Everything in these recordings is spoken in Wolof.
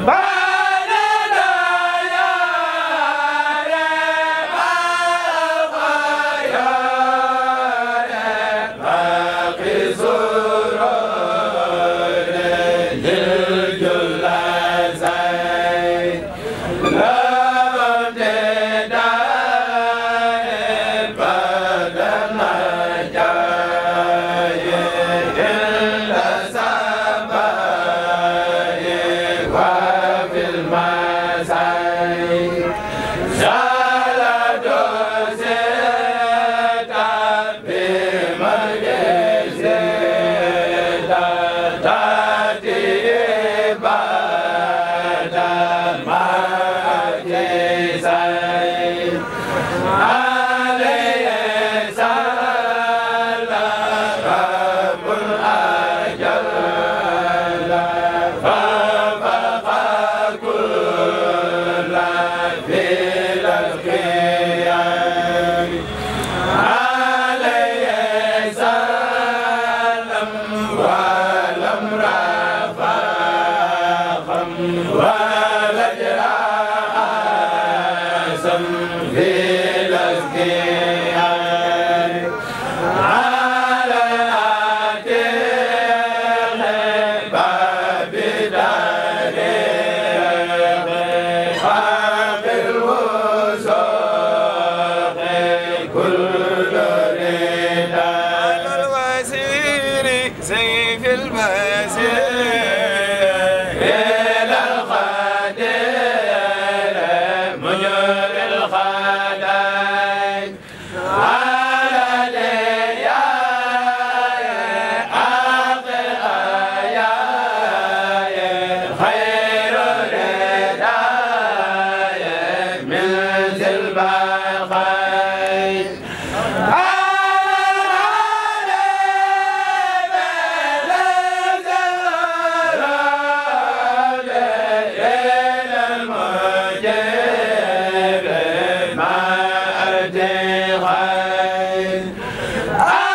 Bye. ولجأ سم في الأزكير Ah!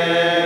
Yeah.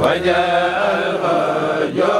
وجاء الفجر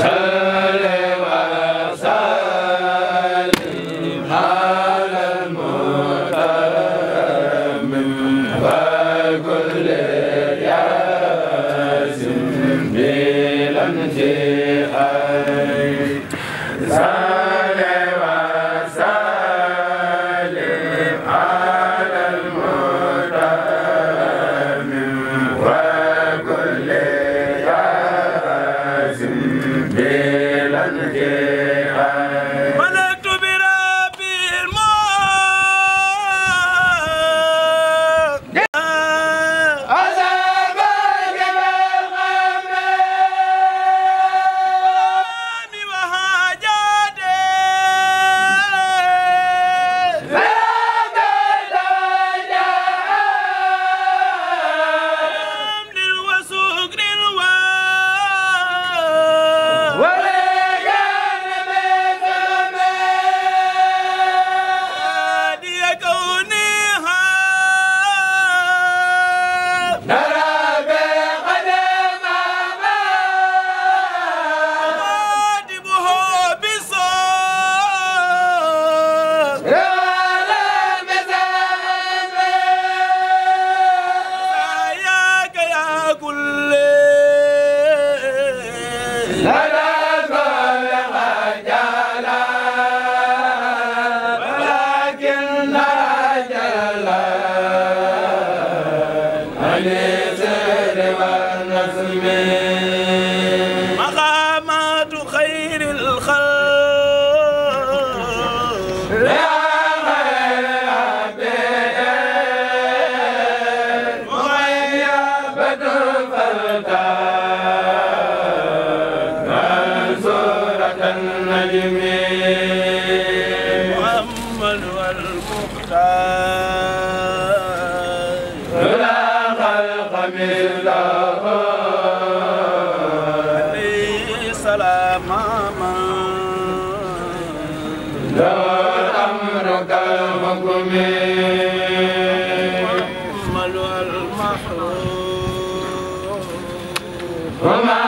Amen. وما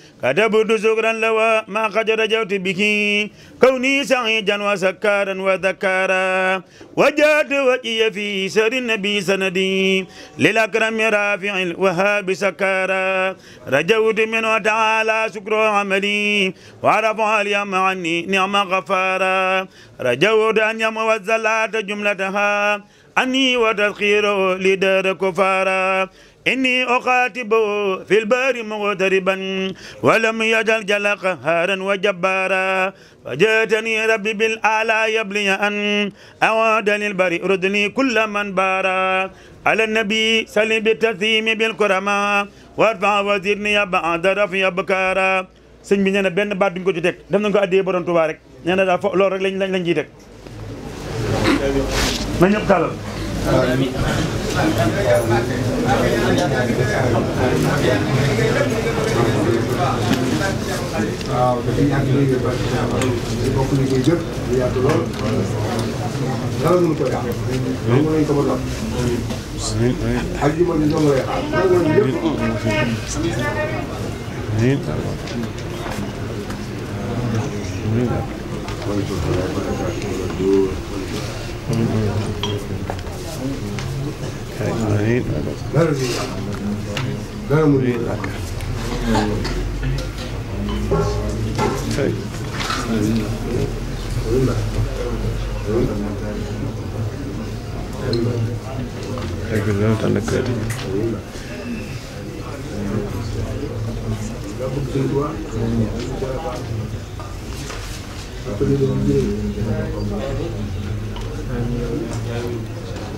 كتبت شكرا لو ما قد رجوت به كوني سعيدا وسكارا وذكارا وجاد وجهي في سر النبي سندي للأكرم رافع الوهاب سكارا رجوت منه تعالى شكر عملي ورفع اليوم عني نعم غفارا رجوت أن يمو الزلات جملتها أني وتذخيره لدار كفارا inni oxaatibu fi lbari muxtariban walam yajal jala qaharan wa jabbara fa jatani rabbi bil ala yabliya an awada lil bari uridni kulla man bara ala nabi sali bi tasimi bil kurama warfa wasirni ya bada rafi abkara sëñ bi nee na benn baat duñ ko ci teg def nañ ko addee borom Tuubaa rek nee na daal fo loolu rek lañ lañ lañ ciy teg na ñëpp tàllal waaw dañuy yàgg léegi ba bokk liggéey jëpp di yàgg lool dara mënu ko yàq. mën nañu ko ba doon. ak ji ma ni ñoom lay xaar. mën nañu ko Amin. dara mu di lakk Thank you loolu tànn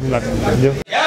Bismillah.